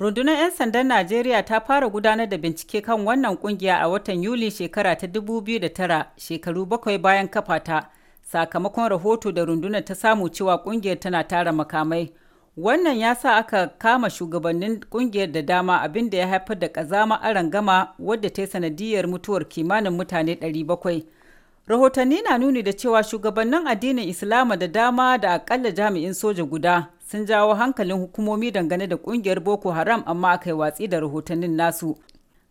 rundunar 'yan sandan najeriya ta fara gudanar da bincike kan wannan kungiya a watan yuli shekara ta 2009 shekaru bakwai bayan kafa ta sakamakon rahoto da rundunar ta samu cewa kungiyar tana tara makamai wannan ya sa aka kama shugabannin kungiyar da dama abinda ya haifar da kazama rangama wadda ta yi sanadiyar mutuwar kimanin mutane 700 rahotanni na nuni da cewa shugabannin addinin islama da dama da akalla jami'in soja guda sun jawo hankalin hukumomi dangane da kungiyar boko haram amma aka yi watsi da rahotannin nasu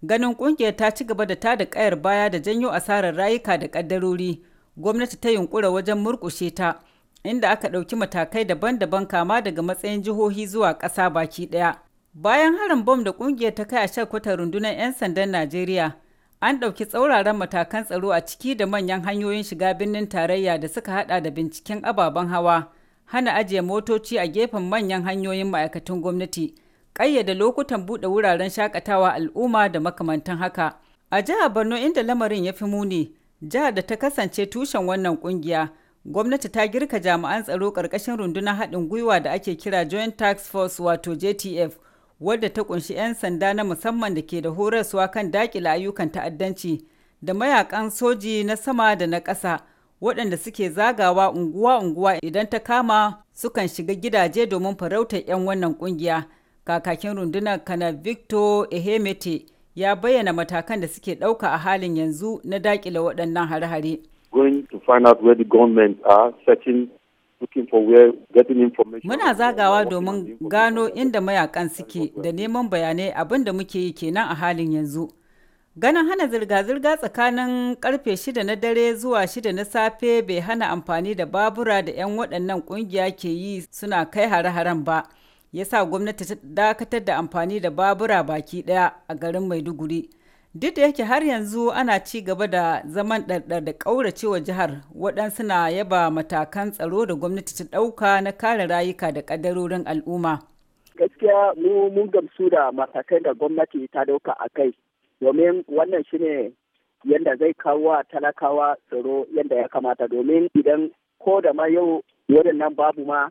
ganin kungiyar ta ci gaba da ta da kayar baya da janyo asarar rayuka da kaddarori gwamnati ta yunkura wajen murkushe ta inda aka ɗauki matakai daban-daban kama daga matsayin jihohi zuwa ƙasa baki ɗaya bayan harin bom da kungiyar ta kai a shakwata rundunar 'yan sandan najeriya an ɗauki tsauraran matakan tsaro a ciki da manyan hanyoyin shiga birnin tarayya da suka hada da binciken ababen hawa hana ajiye motoci a gefen manyan hanyoyin ma'aikatan gwamnati ƙayyada lokutan buɗe wuraren shakatawa al'umma da makamantan haka a jihar borno inda lamarin ya fi muni jihar da ta kasance tushen wannan ƙungiya gwamnati ta girka jami'an tsaro ƙarƙashin rundunar haɗin gwiwa da ake kira joint tax force wato jtf wadda ta kunshi 'yan sanda na musamman da ke da horaswa kan dakila ayyukan ta'addanci da mayakan soji na sama da na ƙasa waɗanda suke zagawa unguwa-unguwa idan ta kama sukan shiga gidaje domin farautar 'yan wannan ƙungiya. Kakakin rundunar kana Victor Ehemete ya bayyana matakan da suke ɗauka a halin yanzu na daƙile waɗannan hare-hare. Muna zagawa domin gano inda mayakan suke da neman bayanai abinda muke yi kenan a halin yanzu. ganin hana zirga-zirga tsakanin karfe 6 na dare zuwa 6 na safe bai hana amfani da babura da 'yan waɗannan ƙungiya ke yi suna kai hare-haren ba ya sa gwamnati ta dakatar da amfani da babura baki ɗaya a garin maiduguri duk da yake har yanzu ana ci gaba da zaman ɗarɗar da ƙauracewa jihar waɗansu na yaba matakan tsaro da gwamnati ta ɗauka na kare rayuka da ƙaddarorin al'umma gaskiya mu mun gamsu da matakai da gwamnati ta ɗauka a kai domin wannan shine yadda zai kawo wa talakawa tsaro yadda ya kamata domin idan ko da ma yau wurin nan babu ma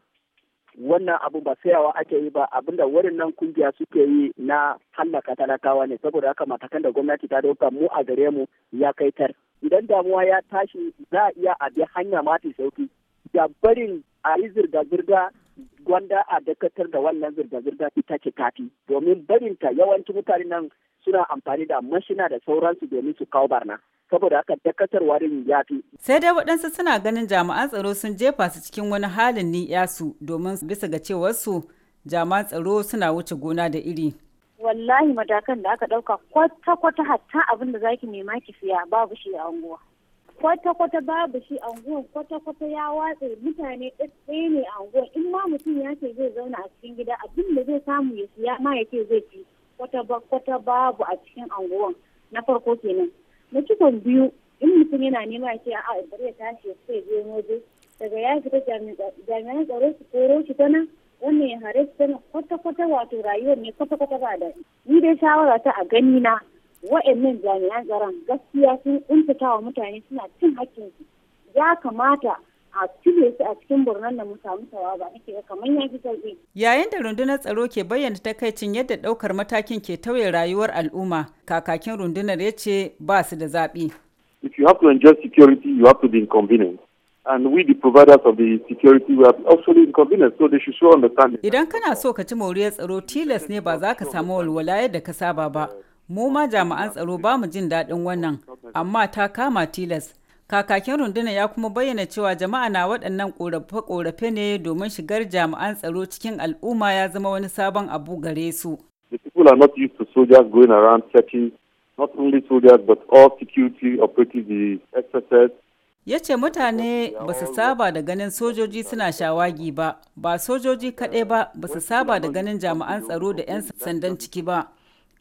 wannan abu ba sayawa ake yi ba abinda wurin nan kungiya suke yi na hallaka talakawa ne saboda haka matakan da gwamnati ta dauka mu a gare mu ya kai tar idan damuwa ya tashi za a iya abi hanya mafi sauki da barin a yi zirga-zirga gwanda a dakatar da wannan zirga-zirga ita ce kafi domin barinta yawancin mutane nan suna amfani da mashina da sauransu domin su kawo barna saboda haka dakatarwa din ya fi. Sai dai waɗansu suna ganin jami'an tsaro sun jefa su cikin wani halin ni yasu domin bisa ga cewarsu jami'an tsaro suna wuce gona da iri. Wallahi matakan da aka ɗauka kwata-kwata hatta abin da zaki nema ki siya babu shi a unguwa. Kwata-kwata babu shi a unguwa kwata-kwata ya watse mutane ɗaya ne a unguwa in ma mutum ya ce zai zauna a cikin gida abin da zai samu ya siya ma ya ce zai ci. kwata kwata babu a cikin anguwan na farko kenan na cikin biyu in mutum yana nema ya ce bari ya tashi ya sai je waje daga ya fita jami'an tsaro su koro shi ta nan wannan ya hare su ta kwata-kwata wato rayuwar ne kwata-kwata ba da ni dai shawara ta a gani na wa'annan jami'an tsaron gaskiya sun kuntata wa mutane suna cin hakkinsu ya kamata a cire shi a cikin birnin da mu samu ba nake ga kamar ya fi sauƙi. Yayin da rundunar tsaro ke bayyana takaicin yadda daukar matakin ke tauye rayuwar al'umma, kakakin rundunar ya ce ba su da zaɓi. If you have to enjoy security, you have to be inconvenient. and we the providers of the security we are actually inconvenienced so they should show understanding. Idan kana so ka ci moriyar tsaro tilas ne ba za ka samu walwala yadda ka saba ba. Mu ma jami'an tsaro ba mu jin daɗin wannan amma ta kama tilas Kakakin runduna ya kuma bayyana cewa jama'a na waɗannan ƙorafe-ƙorafe ne domin shigar jami'an tsaro cikin al'umma ya zama wani sabon abu gare su. The people only soldiers but all security operatives, the ya ce mutane ba su saba da ganin sojoji suna shawagi ba ba sojoji kaɗai ba ba su saba da ganin jami'an tsaro da 'yan sandan ciki ba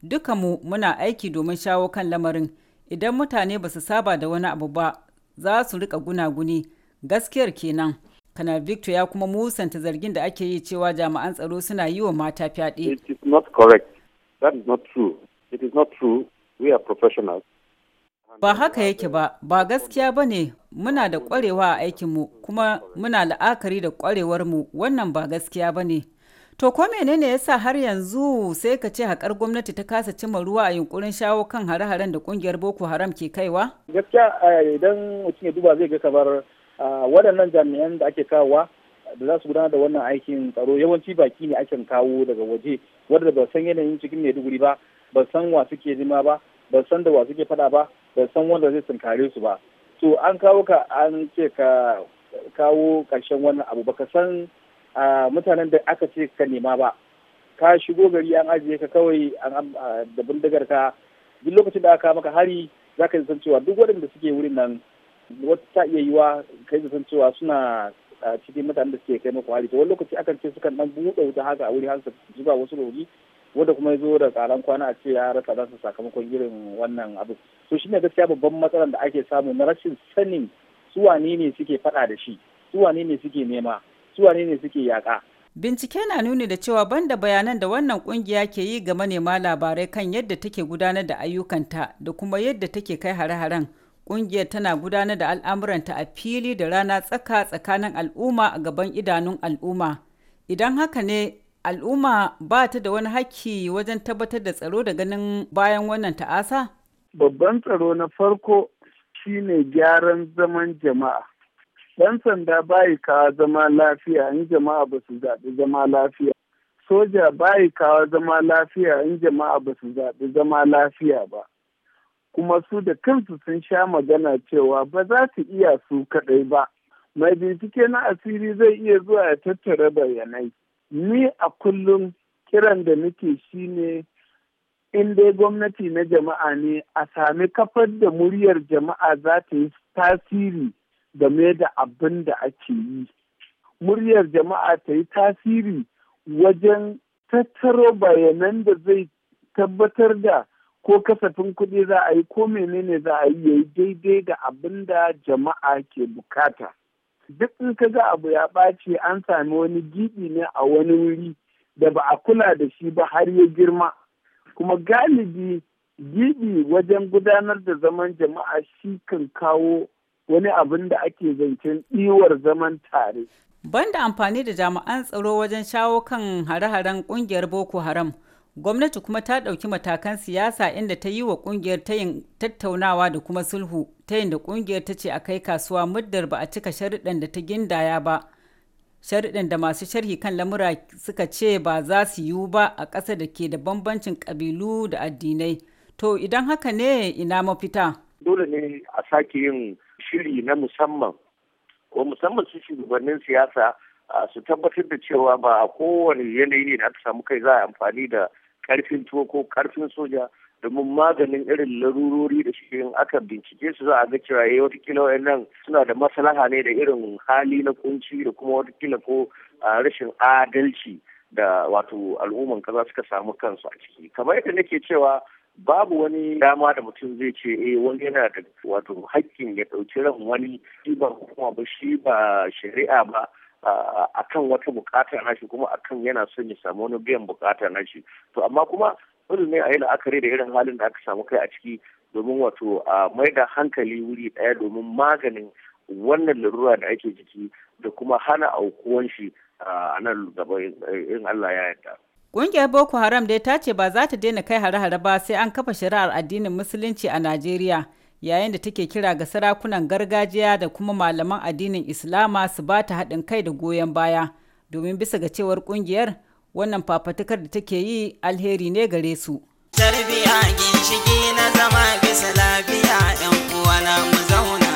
duka mu muna aiki domin shawo kan lamarin idan mutane ba su saba da wani abu ba za su rika gunaguni gaskiyar kenan kanar victor ya kuma musanta zargin da ake yi cewa jami'an tsaro suna yi wa mata fyaɗe correct that is not ba haka yake ba ba gaskiya ba ne muna da kwarewa a aikinmu kuma muna la'akari da mu wannan ba gaskiya ba ne To ko menene yasa har yanzu sai ka ce haƙar gwamnati ta kasa cimma ruwa a yunkurin shawo kan hare-haren da kungiyar Boko Haram ke kaiwa? Gaskiya idan mutum ya duba zai ga kamar waɗannan jami'an da ake kawowa da za su gudanar da wannan aikin tsaro yawanci baki ne ake kawo daga waje wanda ba san yanayin cikin Maiduguri ba, ba san wa suke zima ba, ba san da wa suke faɗa ba, ba san wanda zai tunkare su ba. To an kawo ka an ce ka kawo ƙarshen wannan abu baka san a mutanen da aka ce ka nema ba ka shigo gari an ajiye ka kawai an da bindigar ka duk lokacin da aka maka hari za ka san cewa duk waɗanda suke wurin nan wata ta iya yiwa yi san cewa suna cikin mutanen da suke kai maka hari to wani lokaci akan ce sukan dan buɗe wuta haka a wuri har su zuba wasu rogi wanda kuma ya zo da tsaron kwana a ce ya rasa za sakamakon irin wannan abu to shi ne gaskiya babban matsalar da ake samu na rashin sanin su wane ne suke faɗa da shi su wane ne suke nema su wane ne suke yaƙa. Bincike na nuni da cewa banda bayanan da wannan kungiya ke yi ga manema labarai kan yadda take gudanar da ayyukanta da kuma yadda take kai hare-haren. Kungiyar tana gudanar da al'amuranta a fili da rana tsaka tsakanin al'umma a gaban idanun al'umma. Idan haka ne al'umma ba ta da wani haƙƙi wajen tabbatar da tsaro da ganin bayan wannan ta'asa? Babban tsaro na farko shine gyaran zaman jama'a. Ɗan sanda bayi kawo zama lafiya in jama'a ba su zaɓi zama lafiya. Soja bayi kawo zama lafiya in jama'a ba su zaɓi zama lafiya ba. Kuma su da kansu sun sha magana cewa ba za su iya su kaɗai ba. Mai bincike na asiri zai iya zuwa ya tattara bayanai. Ni a kullum kiran da nake shi ne in dai gwamnati na jama'a ne a sami kafar da muryar jama'a za ta yi tasiri game da abin da ake yi muryar jama'a ta yi tasiri wajen tattaro bayanan da zai tabbatar da ko kasafin kuɗi za a yi ko menene za a yi yayi daidai da abin da jama'a ke bukata duk in ka ga abu ya ɓace an sami wani giɓi ne a wani wuri da ba a kula da shi ba har ya girma kuma galibi giɓi wajen gudanar da zaman jama'a shi kan kawo wani abin da ake zancen iwar zaman tare. Banda amfani da jami'an tsaro wajen shawo kan hare-haren kungiyar Boko Haram, gwamnati kuma ta ɗauki matakan siyasa inda ta yi wa kungiyar tayin tattaunawa da kuma sulhu yin da kungiyar ta ce a kai kasuwa muddar ba a cika sharuɗan da ta gindaya ba. Sharuɗan da masu sharhi kan lamura suka ce ba za su yiwu ba a ƙasa da ke da bambancin ƙabilu da addinai. To idan haka ne ina mafita. Dole ne a sake yin shiri na musamman ko musamman su shugabannin siyasa su tabbatar da cewa ba a kowane yanayi ne da aka samu kai za a amfani da karfin tuwo ko karfin soja domin maganin irin larurori da shi aka bincike su za a ga cewa yayi eh, watakila wayannan suna da maslaha ne da irin hali na kunci da kuma watakila ko rashin adalci da wato al'umman kaza suka samu kansu a ciki kamar yadda nake cewa babu wani dama da mutum zai ce eh wani yana da wato hakkin ya ɗauki ran wani shi ba hukuma ba shi ba shari'a ba a kan wata bukata nashi kuma akan yana son ya samu wani biyan bukata nashi to amma kuma dole ne a yi la'akari da irin halin da aka samu kai a ciki domin wato a mai da hankali wuri daya domin maganin wannan larura da ake jiki da kuma hana aukuwan shi a nan gaba in Allah ya yarda. Ƙungiyar Boko Haram dai ta ce ba za ta daina kai hare-hare ba sai an kafa shari'ar addinin Musulunci a Najeriya yayin da take kira ga sarakunan gargajiya da kuma malaman addinin Islama su ba ta haɗin kai da goyon baya domin bisa ga cewar ƙungiyar wannan fafatukar da take yi alheri ne gare su. Tarbiya ginshiki na zama bisa lafiya 'yan na mu zauna.